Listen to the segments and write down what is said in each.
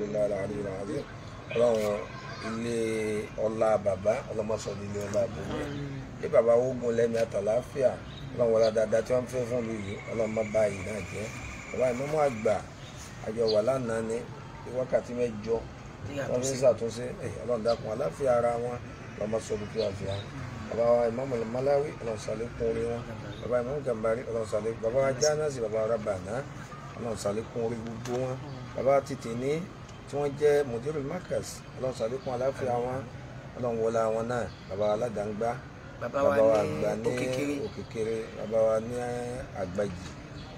ọlọ́run ilé ọlá bàbá ọlọ́mọsọ̀ nílé ọlá bòmí bí bàbá ogun lẹ́mí àtàláfíà ọlọ́run wọlá dáadáa tí wọ́n fẹ́ fún mi yìí ọlọ́run má báyìí náà jẹ́ bàbá ìmọ̀mọ́ àgbà àjọ wà lánàá ni bí wákàtí mẹ́jọ wọ́n fi ṣàtúnṣe ọlọ́run dákun àláfíà ara wọn ọlọ́mọsọ̀ lókè àfíà bàbá wa ìmọ̀mọ́ malawi ọlọ́run ṣàlékún orí wọn bàbá ìmọ̀mọ́ gàmbari ọlọ́run ṣàlékún bàbá wa jánásì bàbá wa rabàná ọlọ́run ṣàlékún orí gbogbo wọn bàbá títí ní tí wọ́n jẹ́ mudirul markaz ọlọ́run sàlékún aláfíà wọn ọlọ́run wọlé àwọn náà bàbá aládàngbá bàbá wa àgbà ní òkèkèrè bàbá wa ní àgbàjì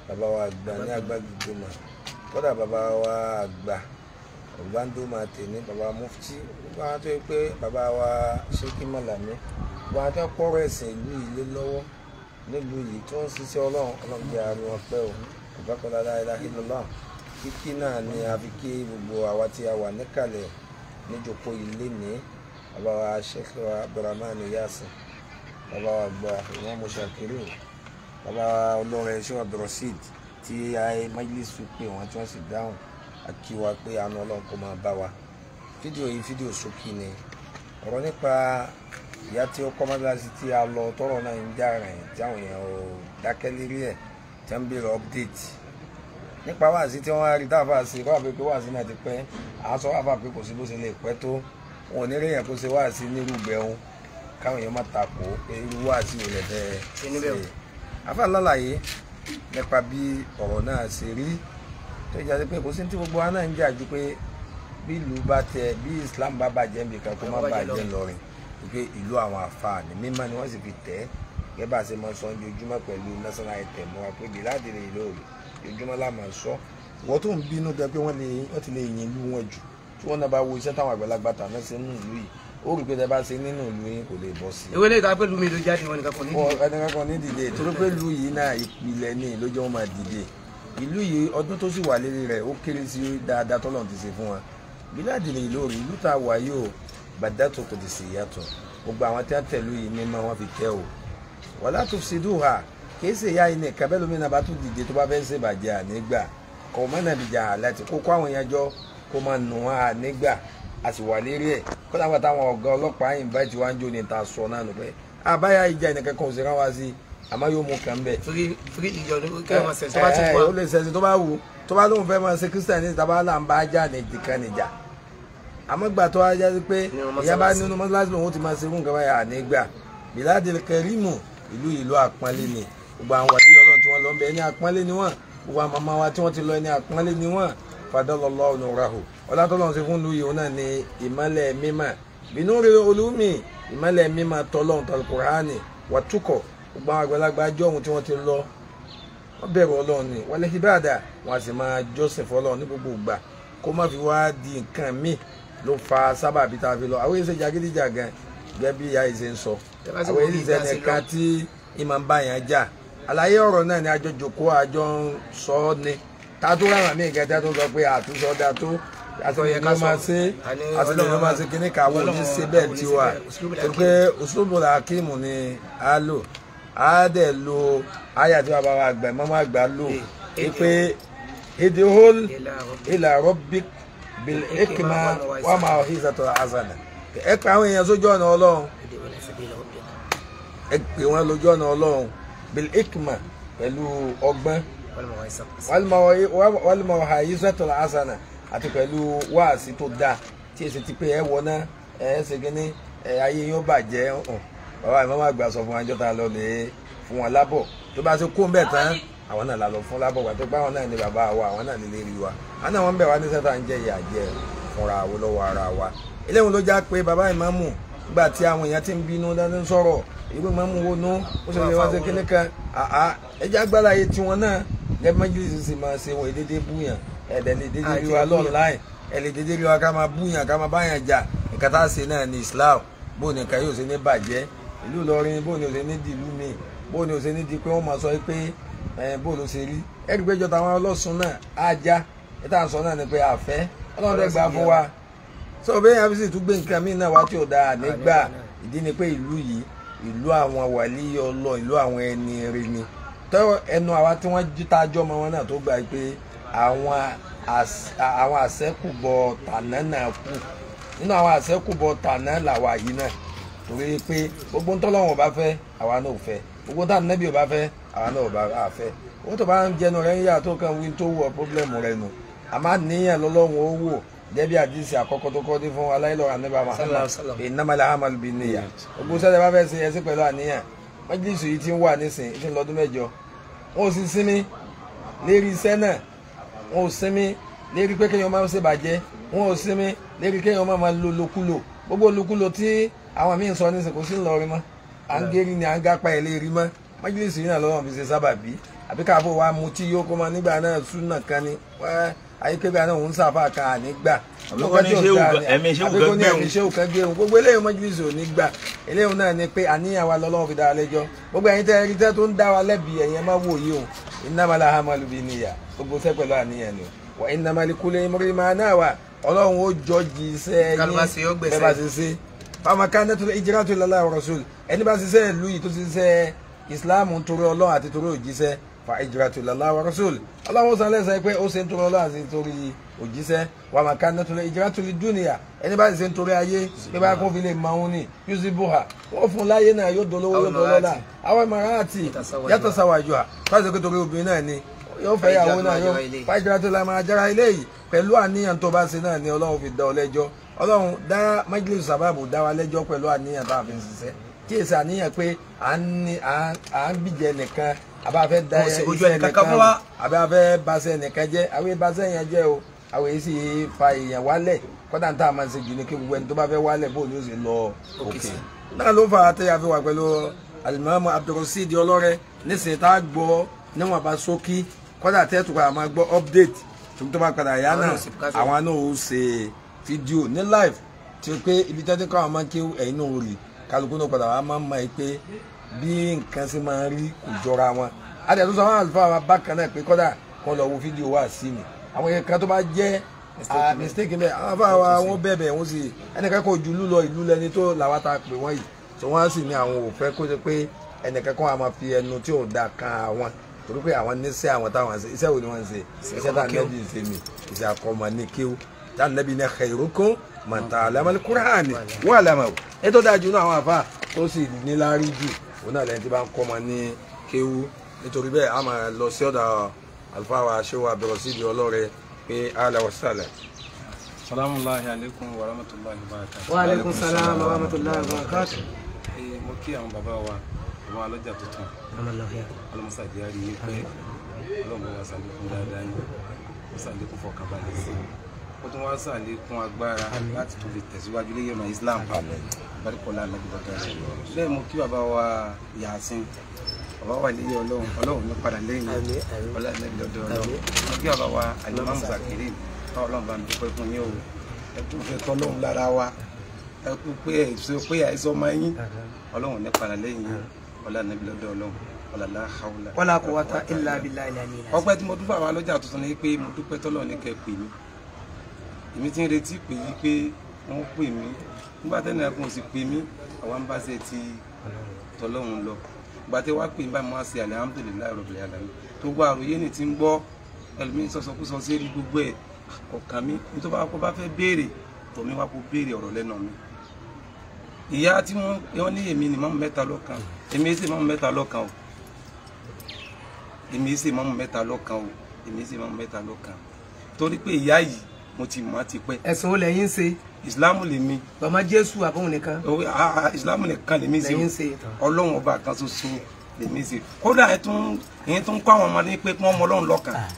bàbá wa àgbà ní àgbàjì gbòmà kódà bàbá wa àgbà ògbándòmà tèmi bàbá mufti wọ́n á tó yẹ pé bàbá wa ṣékí mọ̀lámí wọ́n á tó kọ́rọ̀ ẹ̀sìn ìlú ilé lọ́wọ́ nílùú yìí tí wọ́n ń ṣiṣẹ́ ọlọ́run ọlọ́run jẹ́ àrùn ọpẹ́ o ìbákan kíkí náà ni a fi kí gbogbo àwa tí a wà níkàlẹ̀ níjòkó ilé ní bàbá wa Sheikh Abdulrahman Yasin bàbá wa gba Imam Shakiru bàbá wa olórin Sheikh Abdulrasheed tí májèlésù pé wọn tí wọn sì dáhùn àkíwá pé àánú Ọlọ́run kò máa bá wa fídíò yìí fídíò ṣókí ni ọ̀rọ̀ nípa ìyá tí ó kọ́ mọ́tíláṣí tí a lọ tọ́rọ̀ náà ń jà rìn tí àwọn èèyàn ò dákẹ́ lérí ẹ̀ tí wọ́n ń béèrè update nípa wáàsí tí wọ́n á rí táàfà sí kó àfi pé wáàsí náà ti pẹ́ àásọ wáàfà pé kò sí bó ṣe lè pẹ́ tó wọn ò ní rí èèyàn kó ṣe wáàsí nírú bẹ̀rùn káwọn èèyàn má takò pé irú wáàsí ò lè fẹ́ ṣe àfà lálàyé nípa bí ọ̀rọ̀ náà ṣe rí tó ìjà sí pé kò sí tí gbogbo wa náà ń jà ju pé bí ìlú bá tẹ bí Islam bá bàjẹ́ nbìkan kó má bàjẹ́ lọ́rin wípé ìlú àwọn àfààní gẹ́gẹ́ bá a ṣe mọ sọ ojoojúmọ́ pẹ̀lú national anthem wa pé bíládìrì ìlú òòlù ojoojúmọ́ la máa sọ ìwọ tó ń bínú gan pé wọ́n ti lè yìn ìlú wọn jù tí wọ́n náà bá wo iṣẹ́ táwọn àgbàlagbà tàná sí nínú ìlú yìí ó rí pé tẹ bá ṣe nínú ìlú yìí kò lè bọ́ sí. ewé lè ta pé lu mi ló jáde wọn nìkan kan nídìí. wọn nìkan kan nídìí torí pé lu yìí náà ìpìlẹ̀ ni ló jẹ́ wọn máa dìde ìlú yìí ọdún tó sì wà lérí rẹ̀ ó kéré sí dáadáa tọ́lọ́run ti ṣe fún wa bíláàdì ni ìlú òrì ìlú tá a wà yìí o bàdá tó kò ti sì yàtọ̀ gbogbo àwọn tí wọ́n tẹ̀lú yìí mímọ́ wọn fi tẹ́ o wàlá tó fi ṣe dùn ha kìí ṣe ìyá yìí nìkan bẹ́ẹ̀ lómìnira bá tún dìde tó bá fẹ́ ṣe bàjẹ́ ànígbà kò mọ́ náà bìjà àláti kókó àwọn èèyàn jọ kó máa nù á ànígbà a sì wà lérí ẹ̀ kó dáhùn táwọn ọ̀gá ọlọ́pàá invite wa ń jó ní ta sọ náà nù pé àbáyá ìjà ìnìkan kan ò sí rán wá sí àmọ́ yóò mú kàn bẹ́ẹ̀. firi ìjọ ló kẹ́ ẹ̀ máa ṣẹ̀ṣẹ̀ bá ti eh, wà. Eh, ó lè ṣẹ̀ṣẹ̀ tó bá wù tó bá lóun àmọ́ gbà tó ajá sí pé ìyá bá nínú mọ́ṣáláṣí òun ti máa ṣe fún nǹkan nígbà bìládìí kẹrímù ìlú ìlú àpọ́nlé ni gbogbo àwọn wàlíyà ọlọ́run tí wọ́n lọ ń bẹ ẹni àpọ́nlé ni wọ́n gbogbo àwọn màmá wa tí wọ́n ti lọ ẹni àpọ́nlé ni wọ́n fadọ́lọ́lọ́ onúraho ọlátọ́lọ́run ṣe fún lùyìí náà ni ìmọ́lẹ̀ mímọ́ bínú rẹ olúmi ìmọ́lẹ̀ mímọ́ tọ́lọ́run tàlùkùránì wàtúkọ̀ gbogbo àwọn àgbàlagbà ajọ́ ohun tí wọ́n ti lọ wọ́n bẹ̀rù ọlọ́run ni wọ́n lè fi báàdà wọ́n á sì máa jọ́sìn fọlọ́run ní gbogbo ìgbà kó má fi wá di nǹkan míì ló fa sábàbí tá a fi lọ àwọn èsè jàgídíjàgan gẹ́gẹ́ bí ìyá ìṣe ń sọ àwọn èsè nìkan tí ìmọ̀ ń bá yẹn jà àlàyé ọ̀rọ̀ náà ni àjọ jòkó àjọ ń sọ ọ́ ni ta tó ráwọn àmì ìkẹta tó sọ pé àtúnṣe ọ̀dà tó àtọ̀yẹ ló máa ṣe àtọ̀yẹ ló máa ṣe kíní kàwé òní ṣe bẹ́ẹ̀ tí wà pé òṣùbù làákìmù ni a lò a dẹ̀ lo àyà tí bàbá wa àgbà mọ́mọ́ àgbà lò pé èdè hol ìlà rọ́bìk bil ekima wà máa hí ìsàtọ̀ àzànà ẹ pa àwọn èèyàn sójú ọ̀nà ọlọ́run ẹ pè wọ́n lójú ọ̀nà ọlọ́run bil hikma pẹ̀lú ọgbọ́n wàlúmọ̀ ayé sọ́tọ̀ asana àti pẹ̀lú wáàsí tó dáa tí èsì ti pé ẹ wọná ẹ ṣe kínní ẹ ayé yóò bàjẹ́ bàbá mi máa gbà sọ fún wọn jọta lọ lè fún wọn lábọ̀ tó bá ti kó ń bẹ̀ tán àwọn náà la lọ fún lábọ̀ pàtó pé àwọn náà ní bàbá wa àwọn náà nílé rí wa àwọn náà wọ́n ń bẹ̀ wá ní sẹ́tà ń jẹ́ ìyà jẹ́ fúnra lọ́wọ́ ara wa eléyìí ló já pé bàbá ìmáàmù gbà tí àwọn èèyàn ti ń bínú dáná ń sọ̀rọ̀ ìwé mọ́mú wo nú ó ṣe lè wá sí kíní kan àá ẹjẹ́ agbára yìí tiwọn náà gẹ́gẹ́ sì máa ṣe wọ̀ ìdédé búyàn ẹ̀dẹ̀ lè dédé rí wa lọ́ọ̀láì ẹ̀ lè dédé rí wa ká máa búyàn ká máa báyàn jà nǹkan tá a ṣe náà ní Islam bó ni nǹkan yóò ṣe ní bàjẹ́ ìlú Ìlọrin bó ni ò ṣe ní dìlú mi bó ni ò ṣe ní di pé wọ́n máa sọ pé bó ló ṣe rí ẹ̀rí péjọ táwọn ọlọ́sùn náà á já ìtàn sọ náà ni pé àfẹ́ ọlọ́run dẹ́gbàá fún wa so bẹ́ẹ̀ yẹn sì tún gbé nǹkan míì náà wá tí ò dáa nígbà ah, ìdí ni pé ìlú yìí ìlú àwọn wàlí ọlọ ìlú àwọn ẹni rẹ ni tọ́ ẹnu àwa tí wọ́n jí tájọ́ ọmọ wọn náà tó gbà pé àwọn àwọn àṣẹ́kùbọ̀ tàná náà kù nínú àwọn àṣẹ́kùbọ̀ tàná làwà yìí náà torí pé gbogbo ń tọ́lọ́wọ̀n bá fẹ́ àwa náà ò fẹ́ gbogbo tá nẹ́bí ò bá fẹ́ àwa náà ò bá fẹ́ owó tó bá ń jẹnu rẹ ń yà tó kàn wí tó wọ pọ́blẹ́mù rẹ nù àmọ́ àníyàn lọ́lọ́run ó wò gẹ́bí àdìsí àkọ́kọ́ tó kọ́ dé fún aláìlọ́ra níbà Muhammad ìnámalẹ̀ ahmed bin niya ogun sẹ́dẹ̀ bá fẹ́ ṣe ẹsẹ̀ pẹ̀lú àníyàn májèlísù yìí ti ń wà nísìn ìṣe lọ́dún mẹ́jọ wọn ò sì sinmi lérí iṣẹ́ náà wọn ò sinmi lérí pé kéèyàn máa ń ṣèbàjẹ́ wọn ò sinmi lérí kéèyàn máa máa lo lokulo gbogbo lokulo tí àwọn míì ń sọ nísìn kò sí ńlọrin mọ́ à ń gérí ni à ń gápa ẹ̀ lérí mọ́ májèlísù yìí náà lọ́wọ́ fi ṣe wa mutí yóò kó nígbà náà sún náà ni wẹ́ẹ́ ayíkébé àná òun sàfà kan ànígbà àbúkọ́ ní ṣéwù ẹ̀mí ṣéwù kan gbé òun ṣéwù kan gbé òun gbogbo eléyìí mọ́jìlísì ò ní gbà eléyìí náà ni pé àníyàn wa lọ́lọ́run fi dára lẹ́jọ́ gbogbo ẹ̀yin tẹ́ ẹ̀rí tẹ́ tó ń dá wa lẹ́bi ẹ̀yin ẹ̀ má wò yìí o ìnámalà hamalu bíi níyà gbogbo sẹ́ pẹ̀lú àníyàn ni wà ìnàmàlìkulẹ̀ mọ̀rìmà náà wà ọlọ́run ó jọjì iṣẹ́ yín bẹ́ẹ̀ bá ti ṣe fáwọn kan tó ìjírá tó lọ́lá ọ̀rọ̀ sùn ẹni bá ti ṣe ìlú fa hijratu lillahi wa rasul ọlọ́run sàn lẹ́sàn pé ó ṣe ń torí ọlọ́run àti torí òjíṣẹ́ wa ma kana tún lẹ́ hijratu lid dunya ẹni bá ṣe ń torí ayé pé bá kó fi lè máa ń ní yusuf buha wọ́n fún láyé náà yóò dolówó yóò dolọ́lá àwọn marati yatasawaju à fásitì pé torí obìnrin náà ni yóò fẹ́ yàwó náà yóò fa hijratu lillahi ma jara ilé yìí pẹ̀lú àníyàn tó bá ṣe náà ni ọlọ́run fi dá ọ lẹ́jọ́ ọlọ́run dá májèlé sábàbù dá wa lẹ́jọ́ pẹ̀lú àníyàn tá a fi ń ṣiṣẹ́ abáfẹ́ da ojú ẹnìkan kan wò abáfẹ́ basẹ́ ẹnìkan jẹ́ àwọn ìbasẹ́ yẹn jẹ́ o àwọn èyí sì fa èèyàn wálẹ̀ kọ́dà ń tà máa ṣe jù ní kí gbogbo ẹni tó bá fẹ́ wálẹ̀ bóun ni ó sì lọ òkè náà ló fà á tẹ́ àfi wà pẹ̀lú alimami abdulrasheed ọlọ́rẹ nísìnyí tá a gbọ́ níwọ̀n bá ṣókí kọ́dà tẹ́tù padà máa gbọ́ update tu tó máa padà yá náà àwọn náà ó ṣe fídíò ní live tí ó pé ibi tẹ́tí kọ́ àwọn máa ń kí ẹ̀yin náà ó rí kálukú náà padà wà á máa ń mọ ẹ bí nǹkan ṣe máa rí kò jọra wọn àti àtúnṣe àwọn àlùfáà wa bákan náà pé kọ́dà kan lọ wo fídíò wa sí mi àwọn yẹn kan tó bá jẹ́ mistake bẹ́ẹ̀ àwọn àlùfáà wa wọ́n bẹ̀bẹ̀ wọ́n sì ẹnìkan kò ju ìlú lọ ìlú lẹni tó làwa ta pè wọ́n yìí tó wọ́n sì ní àwọn ò fẹ́ kó ṣe pé ẹnìkan kan á máa fi ẹnu tí ò da kan àwọn torí pé àwọn níṣẹ́ àwọn táwọn ṣe iṣẹ́ wo ni wọ́n ṣe iṣẹ́ tá nẹ́bí ṣe mi iṣẹ́ akọ́mọ ní kéwù tá nẹ́bí ní khairukum man ta'allama al-Qur'an wa ètò dájú náà àwọn àfa tó sì níláárí jù òun náà lẹ́yìn tí bá ń kọ́ ọmọ ní kéwú nítorí bẹ́ẹ̀ a máa lọ sí ọ̀dà àlùfáà wa ṣéwà bẹ̀rọ̀ sí ibi ọlọ́rẹ pé àlẹ́ wàsálẹ̀. salamu alaykum wa rahmatulahi wa barakatu. wa aleykum salaam wa rahmatulahi wa barakatu. Eh, mo kí àwọn bàbá wa àwọn alọ́jà tuntun ọlọ́mọsá ìdíyàrí yìí pé ọlọ́mọ wa sàlékún dáadáa yìí ó sàlékún fọkànbalẹ̀ sí i ó tún wá sàlékún agbára láti tó fi tẹ̀síwájú léyìn ọ̀nà Islam àgbáríkọlá alágbèbọdà bẹ́ẹ̀ mo kí bàbá wa yàásín bàbá wa lẹ́yìn Ọlọ́run Ọlọ́run ló padà lẹ́yìn ọlá alágbèbọdà Ọlọ́run mo kí bàbá wa alimami zakiri báwo Ọlọ́run bá mi dúpẹ́ fún yín o ẹ kú fẹ́ tọlọ́run lára wa ẹ kú pé èso pé àìsàn ọmọ yín Ọlọ́run ló padà lẹ́yìn ọlá alágbèbọdà Ọlọ́run ọlàlá haúlà. wọlá kò wáta ilà abilà ilà ni. ọpẹ́ tí mo dúpẹ́ àwọn alọjà tuntun ni pé mo dúpẹ́ tọlọ́run ní kẹ́ pè mí èmi ti ń retí pé yí pé wọn pè mí nígbà tẹ́ni ẹ̀kún sì pè mí àwa bá ṣe ti tọ́lọ́run lọ ìgbà tẹ́ wá pè mí báyìí mo á ṣe alihamudulilayi rabbil alamin tó gbọ́ àròyé ní ti ń gbọ́ ẹlòmíín sọ̀sọ̀kúsọ sí rí gbogbo ẹ̀ ọ̀kan mi ní tó bá kọ́ bá fẹ́ béèrè tọ̀mí wá kó béèrè ọ̀rọ̀ lẹ́nu mi ìyá tí wọ́n ní èmi ni mọ́mú mẹ́ta lọ́kàn èmi sì mọ́mú mẹ́ta lọ́kàn o èmi sì mọ́mú mẹ́ta lọ́kàn o èmi sì mọ́mú mẹ́ta lọ́kàn torí pé ìyá yìí mo ti mọ̀ ti pẹ́. ẹ̀sìn wo lẹ́yìn ṣe. ìsìlámù lèmi. bàmá jésù àbọ̀hún nìkan. ìsìlámù nìkan lèmi ṣe o ọlọ́run ọba kan ṣoṣo lèmi ṣe kódà ẹ tún ẹ tún kọ́ àwọn ọmọdé pé kí wọ́n mọ ọlọ́run lọ́kàn ah.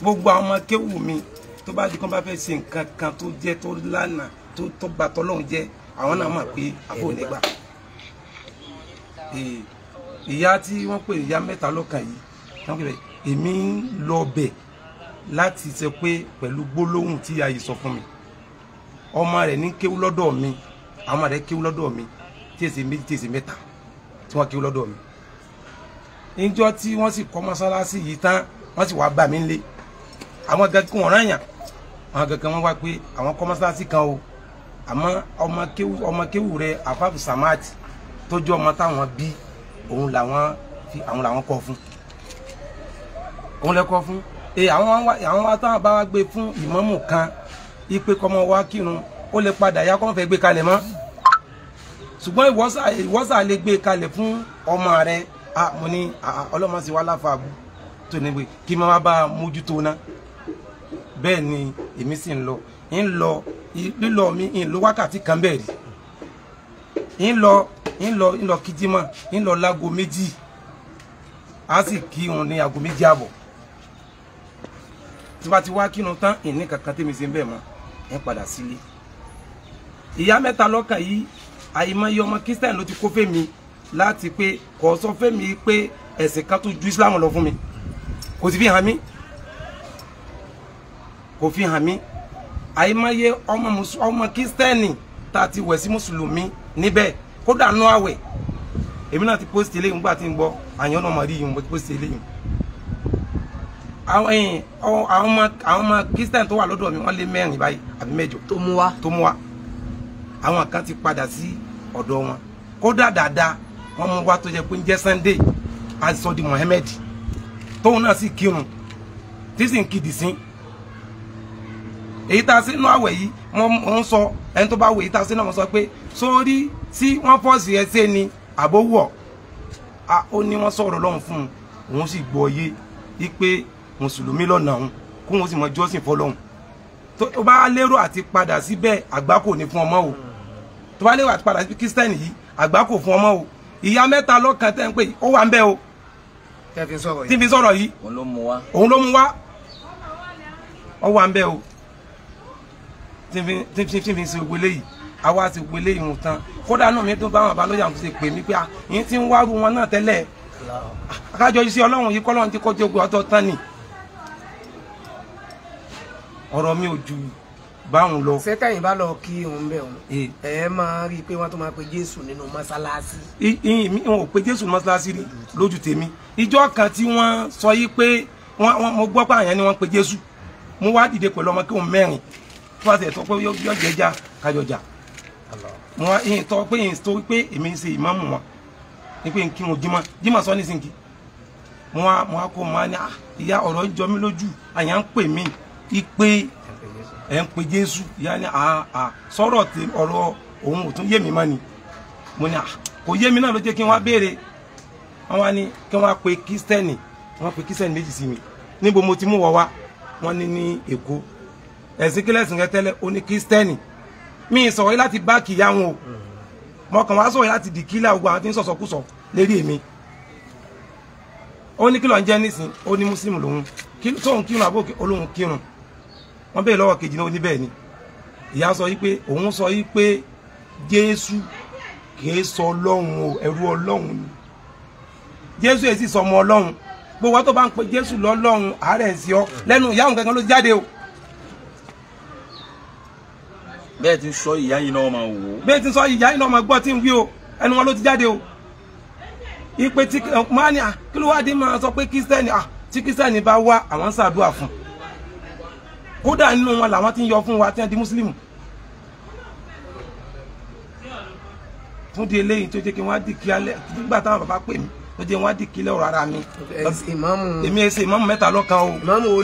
gbogbo àwọn ọmọ kéwù mi tó bá di kí wọ́n bá fẹ́ ṣe nǹkan kan tó jẹ́ tó lánàá tó tó gba tọ́lọ́run jẹ́ àwọn náà mọ̀ pé àbọ̀hún nígbà ìyá tí wọ́n pè ìyá mẹ́ta lọ́kàn yìí láti ṣe pé pẹ̀lú gbólóhùn tí ayé sọ fún mi ọmọ rẹ̀ ní kéwú lọ́dọ̀ mi àwọn ọmọ rẹ̀ kéwú lọ́dọ̀ mi tí èsì méjì tí èsì mẹ́ta tí wọ́n kéwú lọ́dọ̀ mi níjọ́ tí wọ́n sì kọ́ mọ́sálásí yìí tán wọ́n sì wá bá mi lé àwọn gan kí wọ́n ráyàn àwọn gan kan wọ́n wá pé àwọn kọ́ mọ́sálásí kan o àmọ́ ọmọ kéwú ọmọ kéwú rẹ̀ àfáàfù samat tó jẹ́ ọmọ táwọn bí òun làwọn fi àwọn làwọn kọ́ fún òun lẹ́kọ́ fún àwọn wa táwọn bá wá gbé fún ìmámù kan ipe kọmọ wa kírun ó lè padà yá kọ́ńfẹ́ gbé kalẹ̀ mọ́ ṣùgbọ́n ìwọ́sà lè gbé kalẹ̀ fún ọmọ rẹ mo ní ọlọ́mọ sí wa láfàbù tó ní pé kí máa bá mójútó ná bẹ́ẹ̀ ni èmi sì ń lọ ń lọ lílọ mi ń lo wákàtí kan bẹ́ẹ̀ rí ń lọ ń lọ ń lọ kìdímọ̀ ń lọ lágo méjì á sì kírun ní ago méjì àbọ̀ tí wọ́n ti wá kírun tán ìní kankan tèmi ṣe ń bẹ̀ mọ́ ẹ padà sílé ìyá mẹ́ta lọ́kàn yìí àìmọye ọmọ kristian ló ti kó fẹ́mi láti pé kò sọ fẹ́mi pé ẹ̀sìn kan tó ju islam lọ fún mi kò sì fi hàn mí kò fi hàn mí àìmọye ọmọ kristian tá a ti wẹ̀ sí mùsùlùmí níbẹ̀ kódà nú àwẹ̀ èmi náà ti post eléyìí nígbà tí ń gbọ́ àyàn náà mọ̀ rí yìí mo ti post eléyìí àwọn ẹyìn eh, àwọn ọmọ àwọn ọmọ Christian tó wà lọ́dọ̀ mi wọ́n lé mẹ́rin báyìí àbí mẹ́jọ. tó mú wa tó mú wa àwọn kan ti padà sí ọ̀dọ̀ wọn kódà dáadáa wọ́n mú wa tó jẹ́ pé ń jẹ́ Sunday azọ́di Mohammed tóun náà sì kírun tí sì ń kìdì sí èyí tá a sínú àwẹ̀ yìí wọ́n ń sọ ẹni tó bá wò èyí tá a sínú àwọn sọ pé sórí tí wọ́n fọ́ọ̀sì ẹ ṣe ni àbówọ̀ ó ní wọ́n sọ̀rọ̀ lọ́hùn fún un òun sì gbọ́ yé wípé mùsùlùmí lọ́nà òun kó wọn sì mọ jọ́sìn fọlọ́hún tó bá lérò àti padà síbẹ̀ àgbákò ní fún ọmọ o tó bá lérò àti padà síbẹ̀ kírísítẹ́nì yìí àgbákò fún ọmọ o ìyá mẹ́ta lọ́kàn tẹ́ ń pè ó wà ń bẹ́ o tí fi sọ̀rọ̀ yìí òun ló mú wá ó wà ń bẹ́ o tí fi ṣe gbogbo eléyìí àwa ti gbélé ìhun tán kódà náà mi tó bá wọn àbálòyà ń ṣe pè mí pé ah, yín ti ń wárú wọn náà tẹ́lẹ̀ akájọ yìí sí ọlọ́run yìí kọ́lọ́run ti kọjú ogun ọtọ tán ni ọ̀rọ̀ mi ò ju báwọn lọ. sẹ́tẹ̀yìn bá lọ kí òun bẹ̀ òun ẹ máa rí i pé wọ́n tó máa pe jésù nínú mọ́sálásí. ìyìn mi ò pe jésù nínú mọ́sálásí rí lójú tèmi ìjọ kan tí wọ́n sọ yìí pé mo gbọ́ pé àyàn ni wọ́n pe jésù mo wá dìde pẹ̀lú ọmọ kí òun mẹ́rin tó bá tẹ̀ tọ́ pé yọ jẹjà kájọjà mo wá ìyìn tọ́ pé ìyìn tó pé èmi ń ṣe ìmáàmù wọn ni pé n kí wọn jímọ̀ jímọ̀ sọ nísìnyí mo wá kó ní ah, ipe ẹ̀ ń pe jésù ìyá ni àà sọ̀rọ̀ tí ọ̀rọ̀ òun ò tún yé mi mọ́ ni mo ní à kò yé mi náà ló jẹ́ kí n wá béèrè wọ́n wá ní kí wọ́n pe kírísítẹ́nì wọ́n pe kírísítẹ́nì méjì sí mi níbo mo ti mú wọ wá wọ́n ní ní èkó ẹ̀sìn kílẹ̀sìn rẹ tẹ́lẹ̀ ó ní kírísítẹ́nì mi sọ̀rọ̀ yìí láti báàkì ìyá wọn o mo kàn wá sọ̀rọ̀ yìí láti dìkílà gbogbo àwọn tí ń lérí èmi ó ní kí ń jẹ́ nísìn ó ní mùsùlùmí lòun kí tóun kírun àbókè olóhun kírun wọ́n bèèrè lọ́wọ́ kejì náà ó ní bẹ́ẹ̀ ni ìyá sọ yí pé òun sọ yí pé jésù kìí sọ ọlọ́run o ẹrú ọlọ́run ni jésù èsì sọmọ ọlọ́run gbogbo wa tó bá ń pe jésù lọ́lọ́run àárẹ̀ ń sí ọ lẹ́nu ìyá òun gangan ló jáde o. bẹ́ẹ̀ ti ń sọ ìyá yìí náà máa wò ó. bẹ́ẹ̀ ti ń sọ ìyá yìí náà máa gbọ́ tí ń wí o ẹnu wọn ló ti jáde o. ìpè tí eh, mọ́ni kí ló wá dé máa sọ pé kírísítẹ́nì ah, tí kírísítẹ́nì bá wá àwọn ń fún un kódà nínú wọn làwọn ti ń yọ fún wa tí wọn di mùsùlùmù fún di eléyìí tó jẹ́ kí wọ́n á di kíálẹ̀ nígbà táwọn bàbá pè mí tó jẹ́ wọ́n á di kílẹ̀ ọ̀rọ̀ ara mi. èmi ẹsẹ̀ ìmáàmù mẹ́ta lọ́kan o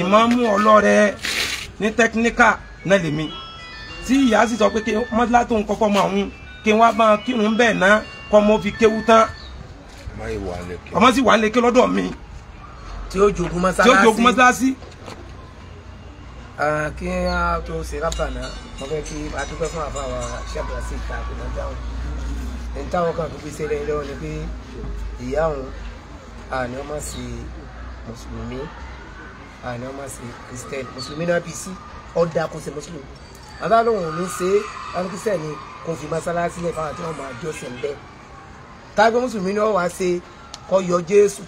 ìmáàmù ọlọ́rẹ̀ ní tẹkíníkà náà lèmi tí ìyá sì sọ pé kí mọ́tílá tó ń kọ́kọ́ mọ àwọn kí wọ́n á bá kírun bẹ́ẹ̀ ná kọ́ mọ́ fi kéwú tán ọmọ sì wà á lékè lọ́dọ̀ mi. tí ó jogun mọ́sálásí Eh, kí a tó ṣe rábà náà mo fẹ́ kí a dúpẹ́ fún àfàwà ṣàbùrà sí ìta àgbẹ̀nà dáhùn ní táwọn kan fi gbèsè lẹ́yìn lọ́wọ́ ni pé ìyá òun àní ọmọ sí mùsùlùmí àní ọmọ sí kristẹn mùsùlùmí náà bí sí ọ̀dà kò sí mùsùlùmí bàbá lòun ò ní ṣe é báwọn kristẹn ni kò fi mọ́sálásí lẹ̀ fáwọn àti wọn máa jọ́sìn bẹ́ẹ̀ tágbẹ́ mùsùlùmí ni wọ́n wá ṣe kọ́ yọ jésù